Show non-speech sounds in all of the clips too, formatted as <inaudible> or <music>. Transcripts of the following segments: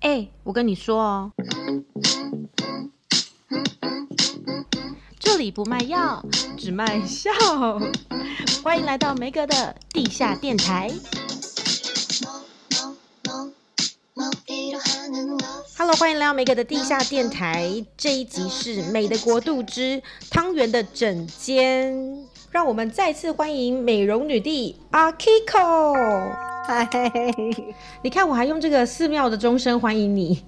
哎、欸，我跟你說哦， <noise> 這裡不賣藥，只賣笑。， <laughs> 歡迎來到梅格的地下電台。Hello，歡迎來到梅格的地下電台。這一集是《美的國度之湯圓的診間》，讓我們再次歡迎美容女帝 Akiko。Akiko 嗨，你看我還用這個寺廟的鐘聲歡迎你，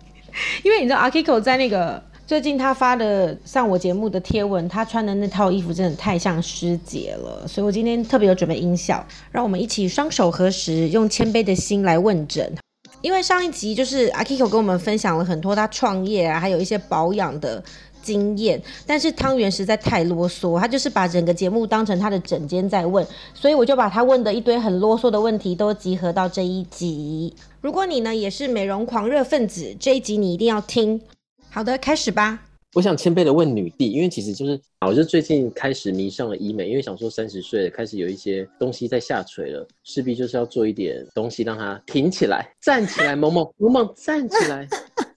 因為你知道 Akiko 在那個最近他發的上我節目的貼文，他穿的那套衣服真的太像師姐了，所以我今天特別有準備音效，讓我們一起雙手合十，用謙卑的心來問診，因為上一集就是 Akiko 跟我們分享了很多他創業啊，還有一些保養的。經驗，但是湯圓實在太囉嗦，他就是把整個節目當成他的診間在問，所以我就把他問的一堆很囉嗦的問題都集合到這一集。如果你呢也是美容狂熱分子，這一集你一定要聽。好的，開始吧。我想謙卑的問女帝，因為其實就是啊，我就最近開始迷上了醫美，因為想說三十歲開始有一些東西在下垂了，勢必就是要做一點東西讓它挺起來、站起來某某。萌萌萌萌站起來。 <laughs>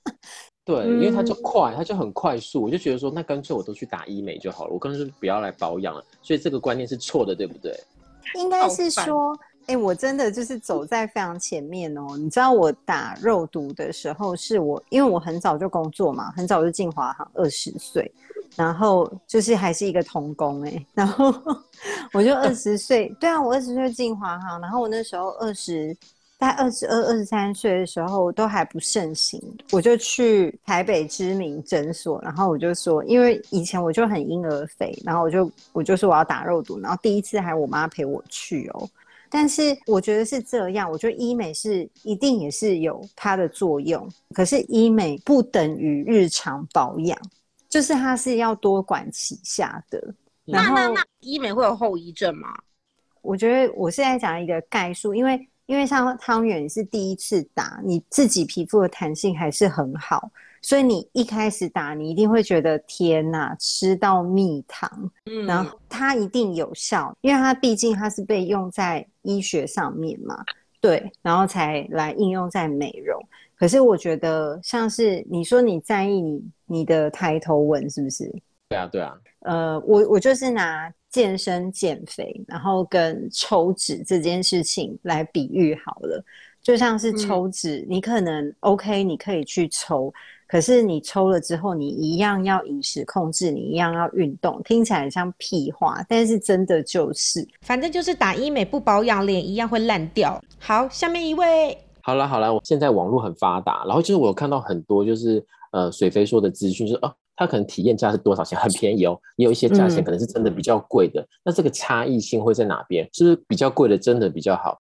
對，因為他就快、嗯，他就很快速，我就覺得說，那乾脆我都去打醫美就好了，我乾脆不要來保養了。所以這個觀念是錯的，對不對？應該是說，哎、oh, 欸，我真的就是走在非常前面哦。你知道我打肉毒的時候，是我因為我很早就工作嘛，很早就進華航，二十歲，然後就是還是一個童工哎、欸，然後我就二十歲， <laughs> 對啊，我二十歲進華航，然後我那時候二十。在二十二、二十三歲的時候都還不盛行，我就去台北知名診所，然後我就說，因為以前我就很嬰兒肥，然後我就我就說我要打肉毒，然後第一次還有我媽陪我去哦、喔。但是我覺得是這樣，我覺得醫美是一定也是有它的作用，可是醫美不等於日常保養，就是它是要多管齊下的。那那那醫美會有後遺症嗎？我覺得我是在講一個概述，因為。因為像湯圓是第一次打，你自己皮膚的彈性還是很好，所以你一開始打，你一定會覺得天哪，啊，吃到蜜糖，嗯，然後它一定有效，因為它畢竟它是被用在醫學上面嘛，對，然後才來應用在美容。可是我覺得像是你說你在意你你的抬頭紋，是不是？對啊，對啊，呃，我我就是拿健身減肥，然後跟抽脂這件事情來比喻好了，就像是抽脂，嗯、你可能 OK，你可以去抽，可是你抽了之後，你一樣要飲食控制，你一樣要運動，聽起來像屁話，但是真的就是，反正就是打醫美不保養臉一樣會爛掉。好，下面一位，好了好了，我現在網絡很發達，然後就是我有看到很多就是呃水飛梭的資訊，就是，是呃。它可能體驗價是多少錢？很便宜哦，也有一些價錢可能是真的比較貴的，嗯。那這個差異性會在哪邊？是，是比較貴的真的比較好？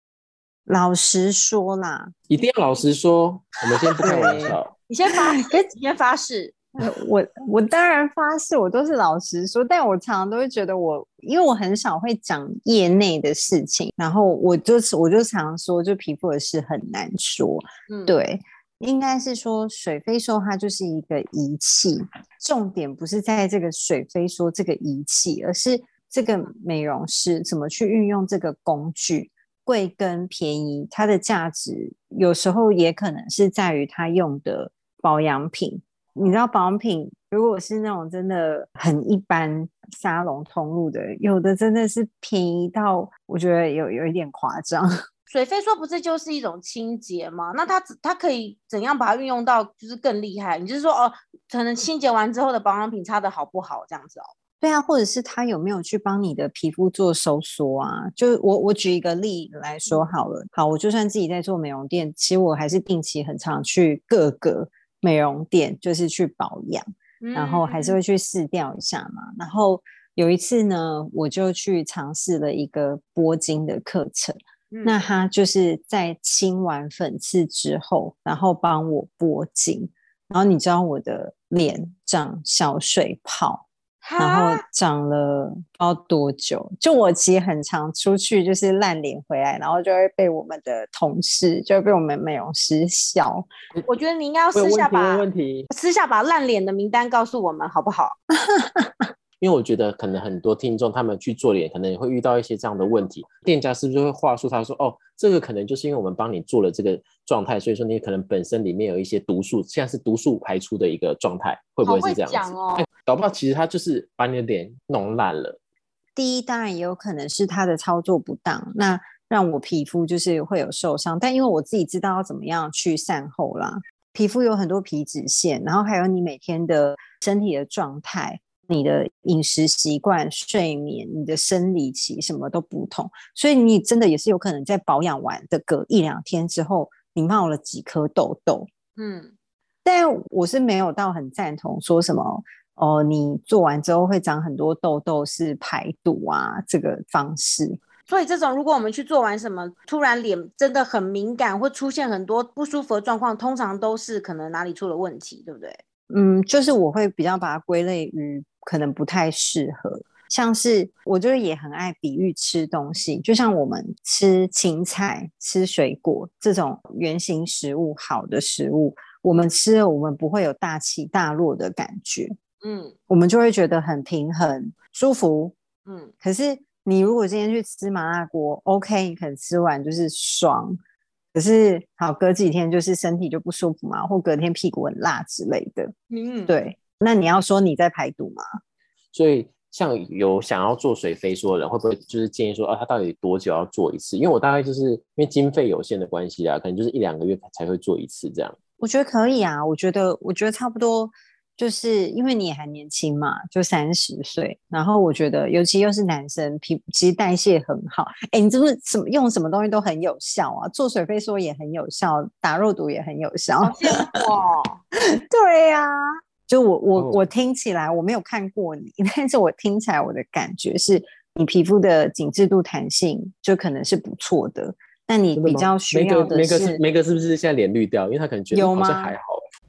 老實說啦，一定要老實說。我們先不開玩笑， <laughs> 你先發你，你先發誓。 <laughs> 我我當然發誓，我都是老實說。但我常常都會覺得我，我因為我很少會講業內的事情，然後我就是我就常說，就皮膚的事很難說。嗯、對。應該是說，水飛梭它就是一個儀器，重點不是在這個水飛梭這個儀器，而是這個美容師怎麼去運用這個工具。貴跟便宜，它的價值有時候也可能是在於它用的保養品，你知道保養品如果是那種真的很一般沙龍通路的，有的真的是便宜到我覺得有有一點誇張。水飛梭不是就是一種清潔嗎？那它它可以怎樣把它運用到就是更厲害？你就是說哦，可能清潔完之後的保養品擦得好不好這樣子哦？對啊，或者是它有沒有去幫你的皮膚做收縮啊？就我我舉一個例來說好了、嗯，好，我就算自己在做美容店，其實我還是定期很常去各個美容店，就是去保養、嗯，然後還是會去試調一下嘛。然後有一次呢，我就去嘗試了一個鉑金的課程。那他就是在清完粉刺之後，然後幫我撥筋，然後你知道我的臉長小水泡，然後長了要多久？就我其實很常出去，就是爛臉回來，然後就會被我們的同事，就會被我們美容師笑。我覺得你應該要私下把問題，問題，私下把爛臉的名單告訴我們，好不好？ <laughs> 因為我覺得可能很多聽眾他們去做臉，可能也會遇到一些這樣的問題。店家是不是會話術他說：“哦，這個可能就是因為我們幫你做了這個狀態，所以說你可能本身裡面有一些毒素，現在是毒素排出的一個狀態，會不會是這樣子？講哦、哎、搞不好其實他就是把你的臉弄爛了。第一，當然也有可能是他的操作不當，那讓我皮膚就是會有受傷。但因為我自己知道要怎麼樣去善後啦，皮膚有很多皮脂腺，然後還有你每天的身體的狀態。你的飲食習慣、睡眠、你的生理期什麼都不同，所以你真的也是有可能在保養完的隔一兩天之後，你冒了幾顆痘痘。嗯，但我是沒有到很贊同說什麼哦、呃，你做完之後會長很多痘痘是排毒啊這個方式。所以這種如果我們去做完什麼，突然臉真的很敏感，會出現很多不舒服的狀況，通常都是可能哪裡出了問題，對不對？嗯，就是我會比較把它歸類於。可能不太適合，像是我就是也很愛比喻吃東西，就像我們吃芹菜、吃水果這種原型食物，好的食物，我們吃了我們不會有大起大落的感覺，嗯，我們就會覺得很平衡舒服，嗯。可是你如果今天去吃麻辣鍋，OK，你可能吃完就是爽，可是好隔幾天就是身體就不舒服嘛，或隔天屁股很辣之類的，嗯、對。那你要說你在排毒嗎？所以像有想要做水飛梭的人，會不會就是建議說啊，他到底多久要做一次？因為我大概就是因為經費有限的關係啊，可能就是一兩個月才會做一次這樣。我覺得可以啊，我覺得我覺得差不多，就是因為你也還年輕嘛，就三十歲，然後我覺得尤其又是男生，皮膚其實代謝很好，哎、欸，你是不是什麼用什麼東西都很有效啊？做水飛梭也很有效，打肉毒也很有效。哇、 <laughs> <laughs> 啊，對呀。就我我、oh. 我聽起來我沒有看過你，但是我聽起來我的感覺是你皮膚的緊致度、彈性就可能是不錯的。那你比較需要的是梅格是梅格是不是現在臉綠掉？因為他可能覺得好像還好。有嗎？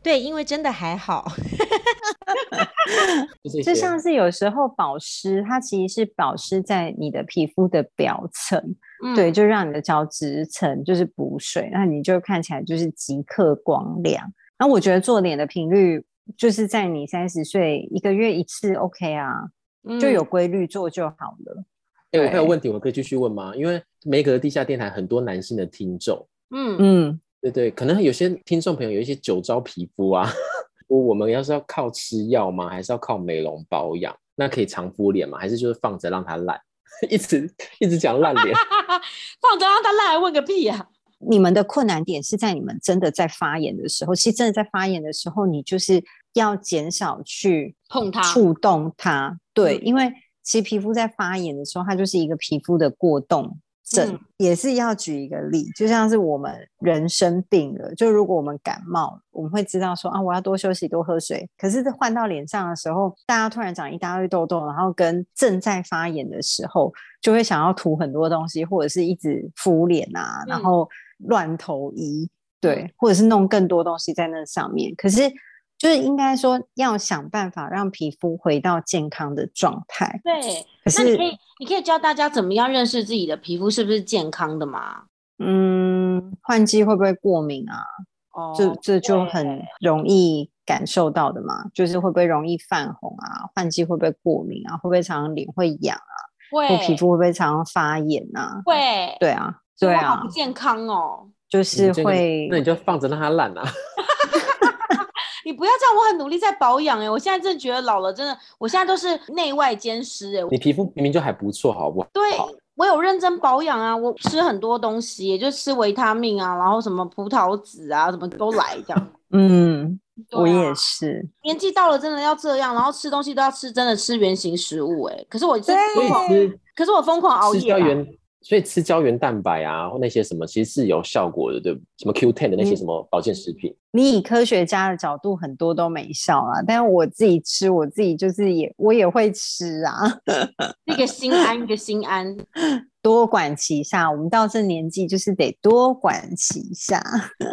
對，因為真的還好。 <laughs> <laughs> 就像是有時候保濕，它其實是保濕在你的皮膚的表層、嗯，對，就讓你的角質層就是補水，那你就看起來就是即刻光亮。那我覺得做臉的頻率，就是在你三十歲，一個月一次，OK 啊，嗯、就有規律做就好了。哎、欸，我還有問題，我可以繼續問嗎？因為梅格的地下電台，很多男性的聽眾，嗯嗯，對，對對，可能有些聽眾朋友有一些酒糟皮膚啊，我、嗯、我們要是要靠吃藥嗎？還是要靠美容保養？那可以常敷臉嗎？還是就是放着讓它爛，一直一直講爛臉， <laughs> 放着讓它爛，還問個屁呀、啊！你們的困難點是在你們真的在發炎的時候，其實真的在發炎的時候，你就是要減少去碰它、觸動它。對，嗯，因為其實皮膚在發炎的時候，它就是一個皮膚的過動。嗯、也是要舉一個例，就像是我們人生病了，就如果我們感冒，我們會知道說啊，我要多休息，多喝水。可是換到臉上的時候，大家突然長一大堆痘痘，然後跟正在發炎的時候，就會想要塗很多東西，或者是一直敷臉啊，然後亂投醫、嗯，對，或者是弄更多東西在那上面。可是。就是應該說要想辦法讓皮膚回到健康的狀態。對，可是那你可以，你可以教大家怎麼樣認識自己的皮膚是不是健康的嗎？嗯，換季會不會過敏啊？哦，這這就很容易感受到的嘛。就是會不會容易泛紅啊？換季會不會過敏啊？會不會常常臉會癢啊？會皮膚會不會常常發炎啊？會，對啊，對啊，不健康哦，就是會。嗯、你那你就放着讓它爛啊。 <laughs> 你不要這樣，我很努力在保養哎、欸，我現在真的覺得老了，真的，我現在都是內外兼施哎、欸。你皮膚明明就還不錯，好不好？對，我有認真保養啊，我吃很多東西，也就是吃維他命啊，然後什麼葡萄籽啊，什麼都來這樣。 <laughs> 嗯，我也是。年紀到了，真的要這樣，然後吃東西都要吃真的吃原型食物哎、欸。可是我瘋狂，可是我瘋狂熬夜、啊所以吃膠原蛋白啊，或那些什麼，其實是有效果的，對，什麼 Q10 的那些什麼保健食品，嗯、你以科學家的角度，很多都沒效啊。但我自己吃，我自己就是也我也會吃啊，一 <laughs> 個心安，一、這個心安。 <laughs> 多管齊下，我們到這年紀就是得多管齊下。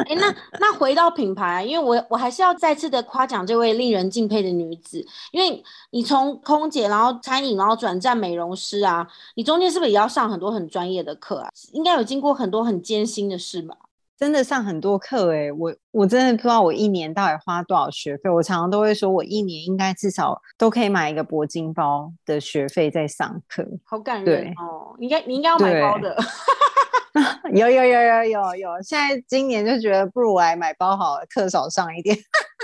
哎、 <laughs> 欸，那那回到品牌，因為我我還是要再次的誇獎這位令人敬佩的女子，因為你從空姐，然後餐飲，然後轉戰美容師啊，你中間是不是也要上很多很專業的課啊？應該有經過很多很艱辛的事吧？真的上很多課哎、欸，我我真的不知道我一年到底花多少學費。我常常都會說，我一年應該至少都可以買一個鉑金包的學費在上課。好感人哦！應該你應該要買包的。 <laughs> 有，有有有有有有，現在今年就覺得不如我來買包好，課少上一點。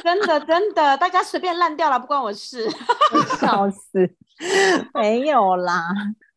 真的真的， <laughs> 大家隨便爛掉了，不關我事， <laughs> 我笑。笑死！沒有啦，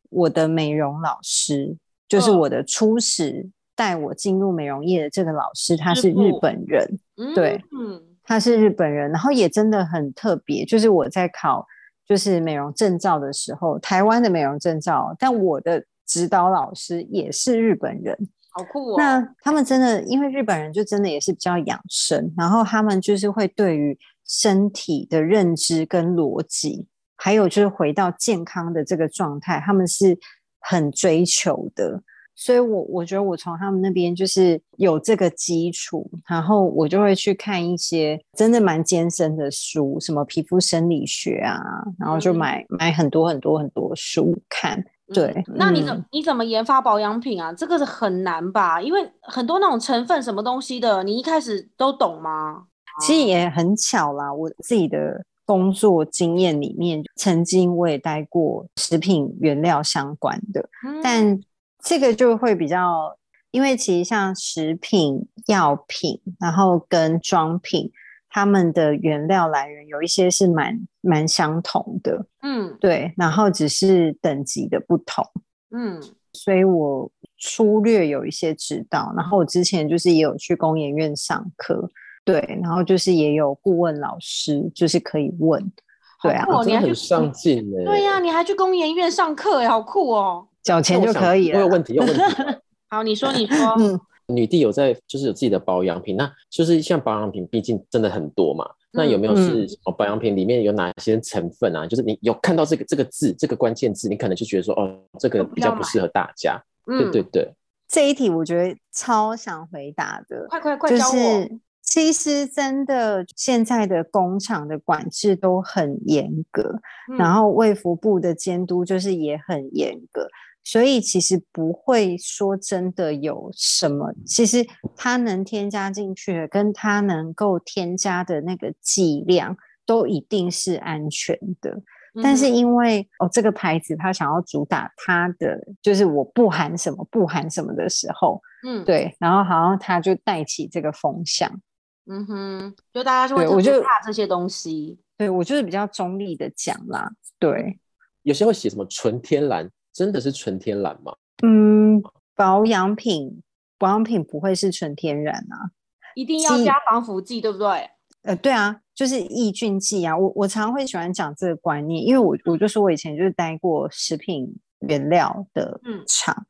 我的美容老師就是我的初始。嗯帶我進入美容業的這個老師，他是日本人，對，嗯，他是日本人，然後也真的很特別。就是我在考，就是美容證照的時候，台灣的美容證照，但我的指導老師也是日本人，好酷哦。那他們真的，因為日本人就真的也是比較養生，然後他們就是會對於身體的認知跟邏輯，還有就是回到健康的這個狀態，他們是很追求的。所以我，我我覺得我從他們那邊就是有這個基礎，然後我就會去看一些真的蠻艱深的書，什麼皮膚生理學啊，然後就買、嗯、買很多很多很多書看。對，嗯嗯、那你怎麼你怎麼研發保養品啊？這個是很難吧？因為很多那種成分什麼東西的，你一開始都懂嗎？啊、其實也很巧啦，我自己的工作經驗裡面，曾經我也待過食品原料相關的，嗯、但。這個就會比較，因為其實像食品、藥品，然後跟妝品，他們的原料來源有一些是蠻蠻相同的，嗯，對，然後只是等級的不同，嗯，所以我粗略有一些知道，然後我之前就是也有去工研院上課，對，然後就是也有顧問老師，就是可以問，對啊，你、哦、很上進哎、欸，對呀、啊，你還去工研院上課、欸、好酷哦。繳錢就可以了。我有問題要問。 <laughs> 好，你說，你說。嗯。女帝有在，就是有自己的保養品，那就是像保養品，畢竟真的很多嘛。嗯、那有沒有是、嗯、保養品裡面有哪些成分啊？就是你有看到這個這個字，這個關鍵字，你可能就覺得說，哦，這個比較不適合大家。對，對對對。這一題我覺得超想回答的。快快快教我。就是其實真的，現在的工廠的管制都很嚴格、嗯，然後衛福部的監督就是也很嚴格。所以其實不會說真的有什麼，其實它能添加進去，跟它能夠添加的那個劑量都一定是安全的。嗯、但是因為哦，這個牌子它想要主打它的，就是我不含什麼，不含什麼的時候，嗯，對。然後好像它就帶起這個風向，嗯哼，就大家就會我就怕這些東西，我對我就是比較中立的講啦，對。有些會寫什麼純天然。真的是純天然嗎？嗯，保養品，保養品不會是純天然啊，一定要加防腐劑，嗯，對不對？呃，對啊，就是抑菌劑啊。我我常常會喜歡講這個觀念，因為我我就說，我以前就是待過食品原料的廠，嗯，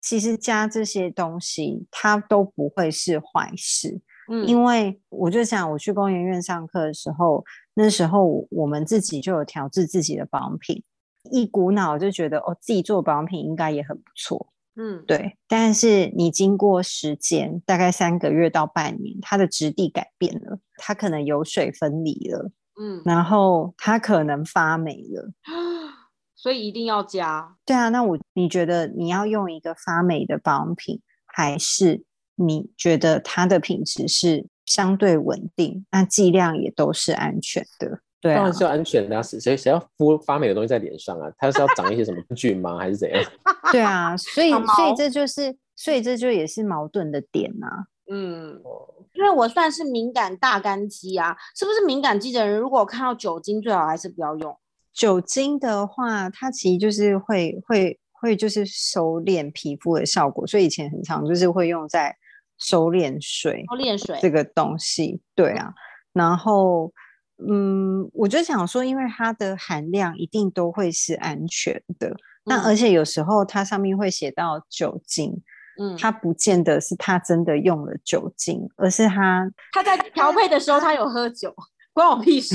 其實加這些東西它都不會是壞事，嗯，因為我就想我去工研院上課的時候，那時候我們自己就有調制自己的保養品。一股腦就覺得哦，自己做保養品應該也很不錯，嗯，對。但是你經過時間，大概三個月到半年，它的質地改變了，它可能油水分離了，嗯，然後它可能發霉了，哦，所以一定要加。對啊，那我你覺得你要用一個發霉的保養品，還是你覺得它的品質是相對穩定，那劑量也都是安全的？當然是要安全的啊！誰誰要敷發霉的東西在臉上啊？它是要長一些什麼菌嗎？ <laughs> 還是怎樣？對啊，所以所以這就是，所以這就也是矛盾的點啊。嗯，因為我算是敏感大乾肌啊，是不是敏感肌的人？如果看到酒精，最好還是不要用酒精的話，它其實就是會會會就是收斂皮膚的效果。所以以前很常就是會用在收斂水、收斂水這個東西。對啊，然後。嗯，我就想說，因為它的含量一定都會是安全的。那、嗯、而且有時候它上面會寫到酒精，嗯，它不見得是它真的用了酒精，而是他他在調配的時候他有喝酒，關我屁事。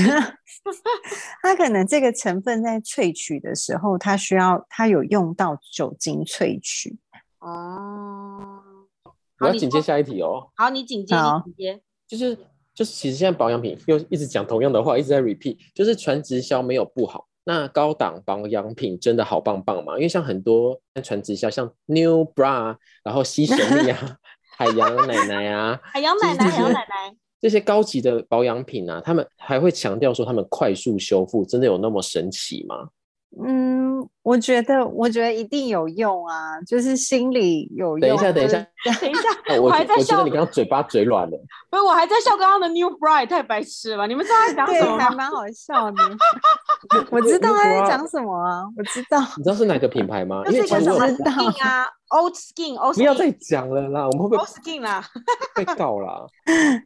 他可能這個成分在萃取的時候，他需要他有用到酒精萃取。哦、嗯，我要緊接下一題哦。好，你緊接，緊接好，就是。就是其實現在保養品又一直講同樣的話，一直在 repeat，就是傳直銷沒有不好，那高檔保養品真的好棒棒嗎？因為像很多傳直銷，像 New Bra，然後吸水力啊， <laughs> 海洋奶奶啊， <laughs> 海洋奶奶、就是就是，海洋奶奶，這些高級的保養品啊，他們還會強調說他們快速修復，真的有那麼神奇嗎？嗯。我覺得，我覺得一定有用啊！就是心裡有用。等一下，等一下，是是等一下、 <laughs> 啊我，我還在笑。你剛剛嘴巴嘴軟了。不是，我還在笑剛剛的 new bride 太白痴了。你們知道在講什麼嗎？蠻好笑的。 <laughs> <laughs> 我知道他在講什麼啊！我知道。你知道是哪個品牌嗎？我、 <laughs> 就是、知道啊，Old Skin。不要再講了啦！我們會不會 Old Skin 啦？被告啦，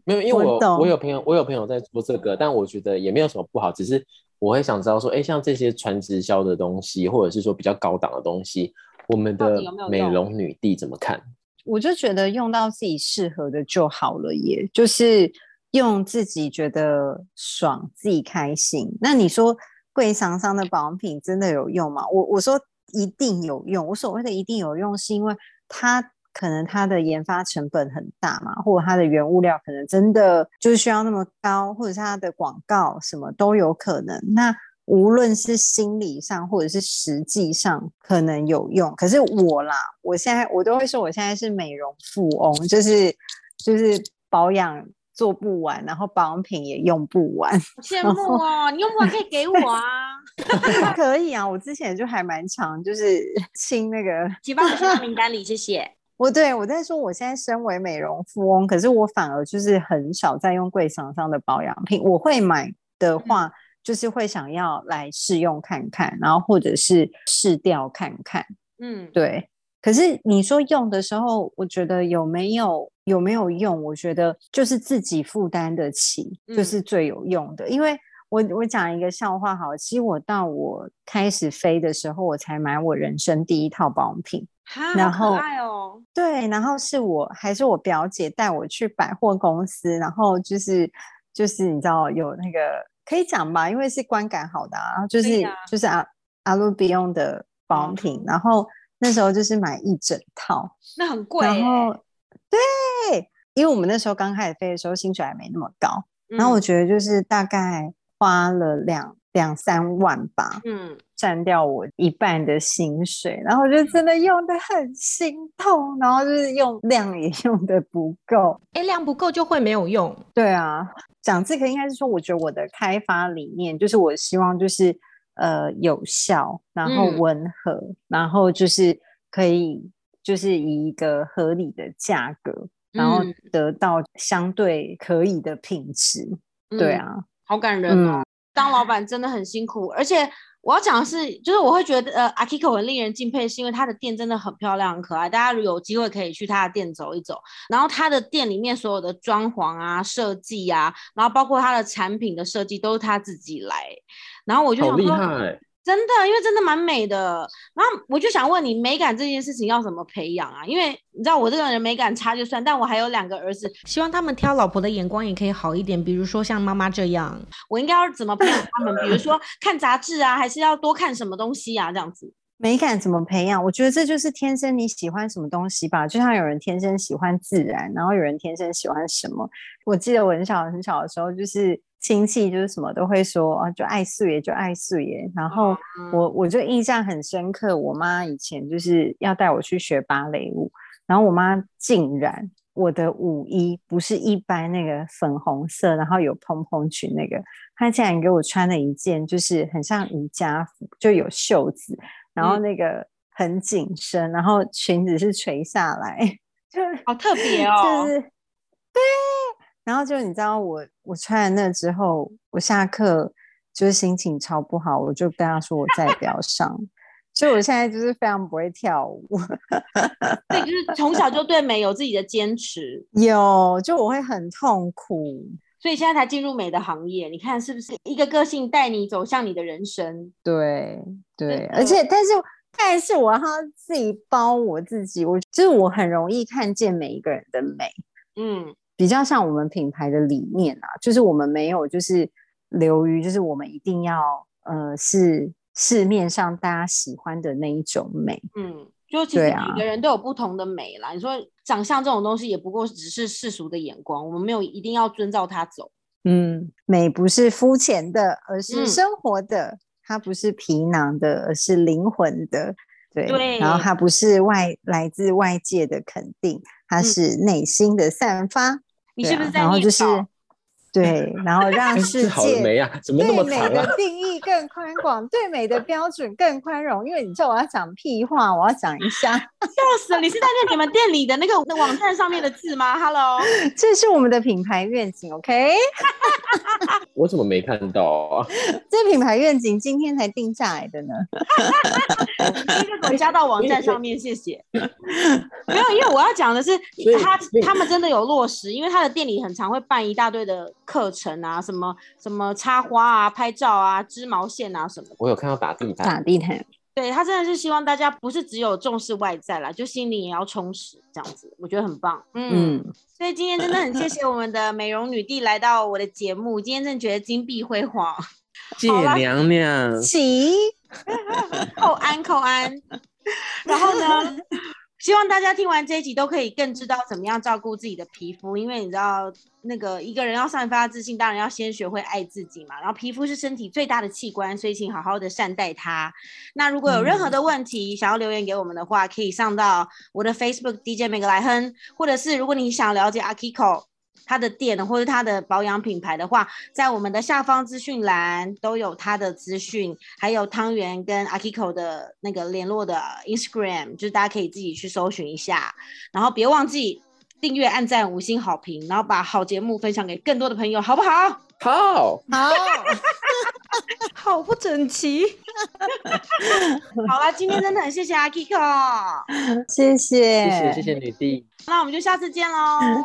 沒有，因為我我，我有朋友，我有朋友在做這個，但我覺得也沒有什麼不好，只是。我會想知道說，哎，像這些傳直銷的東西，或者是說比較高檔的東西，我們的美容女帝怎麼看？有有，我就覺得用到自己適合的就好了耶。就是用自己覺得爽、自己開心。那你說貴桑桑的保養品真的有用嗎？我我說一定有用。我所謂的一定有用，是因為它。可能它的研發成本很大嘛，或者它的原物料可能真的就是需要那麼高，或者它的廣告什麼都有可能。那無論是心理上或者是實際上可能有用。可是我啦，我現在我都會說，我現在是美容富翁，就是就是保養做不完，然後保養品也用不完。好羨慕哦，你用不完可以給我啊， <laughs> <laughs> 可以啊，我之前就還蠻常就是清那個七八十名單裡，謝謝。我對我在說，我現在身為美容富翁，可是我反而就是很少在用櫃上的保養品。我會買的話、嗯，就是會想要來試用看看，然後或者是試掉看看。嗯，對。可是你說用的時候，我覺得有沒有有沒有用？我覺得就是自己負擔得起，就是最有用的。嗯、因為我我講一個笑話，好了，其實我到我開始飛的時候，我才買我人生第一套保養品。然後、啊可愛哦，對，然後是我還是我表姐帶我去百貨公司，然後就是就是你知道有那個可以講吧，因為是觀感好的啊，就是、啊、就是阿阿魯比用的保養品、嗯，然後那時候就是買一整套，那很貴、欸，然後對，因為我們那時候剛開始飛的時候薪水還沒那麼高、嗯，然後我覺得就是大概花了兩。兩三萬吧，嗯，佔掉我一半的薪水，然後就真的用得很心痛，然後就是用量也用得不夠，哎、欸，量不夠就會沒有用，對啊。講這個應該是說，我覺得我的開發理念就是，我希望就是呃有效，然後溫和、嗯，然後就是可以就是以一個合理的價格、嗯，然後得到相對可以的品質、嗯，對啊，好感人哦。嗯當老闆真的很辛苦，而且我要講的是，就是我會覺得呃，Akiko 很令人敬佩，是因為他的店真的很漂亮、很可愛。大家如果有機會可以去他的店走一走，然後他的店裡面所有的裝潢啊、設計啊，然後包括他的產品的設計都是他自己來。然後我就想說，真的，因為真的蠻美的。然後我就想問你，美感這件事情要怎麼培養啊？因為你知道我這個人美感差就算，但我還有兩個兒子，希望他們挑老婆的眼光也可以好一點。比如說像媽媽這樣，我應該要怎麼培養他們？ <laughs> 比如說看雜誌啊，還是要多看什麼東西啊？這樣子美感怎麼培養？我覺得這就是天生你喜歡什麼東西吧。就像有人天生喜歡自然，然後有人天生喜歡什麼。我記得我很小很小的時候就是。親戚就是什麼都會說啊，就愛素顏就愛素顏。然後我我就印象很深刻，我媽以前就是要帶我去學芭蕾舞，然後我媽竟然我的舞衣不是一般那個粉紅色，然後有蓬蓬裙那個，她竟然給我穿了一件就是很像瑜伽服，就有袖子，然後那個很緊身，然後裙子是垂下來，嗯、 <laughs> 就是、好特別哦，對、 <laughs> 就是、對。然後就你知道我我穿了那之後，我下課就是心情超不好，我就跟他說，我再也不要上，所 <laughs> 以我現在就是非常不會跳舞。對， <laughs> 就是從小就對美有自己的堅持。有，就我會很痛苦，所以現在才進入美的行業。你看是不是一個個性帶你走向你的人生？對對、嗯，而且但是但是我要自己包我自己，我就是我很容易看見每一個人的美。嗯。比較像我們品牌的理念啊，就是我們沒有，就是流於，就是我們一定要呃，是市面上大家喜歡的那一種美。嗯，就其實每個人都有不同的美啦。啊、你說長相這種東西，也不過只是世俗的眼光，我們沒有一定要遵照它走。嗯，美不是膚淺的，而是生活的。嗯，它不是皮囊的，而是靈魂的對。對，然後它不是外，來自外界的肯定，它是內心的散發。嗯你是不是在逆掃？對，然後讓世界對美的定義更寬廣， <laughs> 對，美寬 <laughs> 對美的標準更寬容。因為你知道我要講屁話，我要講一下，笑死了！你是在問你們店裡的那個網站上面的字嗎？Hello，這是我們的品牌願景，OK？ <laughs> 我怎麼沒看到啊？這品牌願景今天才定下來的呢？哈哈哈哈哈！請加到網站上面， <laughs> 謝謝。 <laughs> <laughs> 沒有，因為我要講的是，他他們真的有落實，落實 <laughs> 因為他的店裡很常會辦一大堆的。課程啊，什麼什麼插花啊、拍照啊、織毛線啊，什麼的。我有看到打地毯，打地毯，對他真的是希望大家不是只有重視外在啦，就心裡也要充實這樣子，我覺得很棒。嗯，嗯，所以今天真的很謝謝我們的美容女帝來到我的節目， <laughs> 今天真的覺得金碧輝煌。謝娘娘，請叩 <laughs> 安叩安。然後呢？ <laughs> 希望大家聽完這一集都可以更知道怎麼樣照顧自己的皮膚，因為你知道那個一個人要散發自信，當然要先學會愛自己嘛。然後皮膚是身體最大的器官，所以請好好的善待它。那如果有任何的問題、嗯、想要留言給我們的話，可以上到我的 Facebook DJ 梅格來哼，或者是如果你想了解 Akiko。他的店的，或者他的保養品牌的話，在我們的下方資訊欄都有他的資訊，還有湯圓跟 Akiko 的那個聯絡的 Instagram，就是大家可以自己去搜尋一下。然後別忘記訂閱、按讚、五星好評，然後把好節目分享給更多的朋友，好不好？好，好， <laughs> 好不整齊。 <laughs> 好啊，今天真的很謝謝 Akiko， <laughs> 謝謝，謝謝，謝謝女帝。那我們就下次見嘍。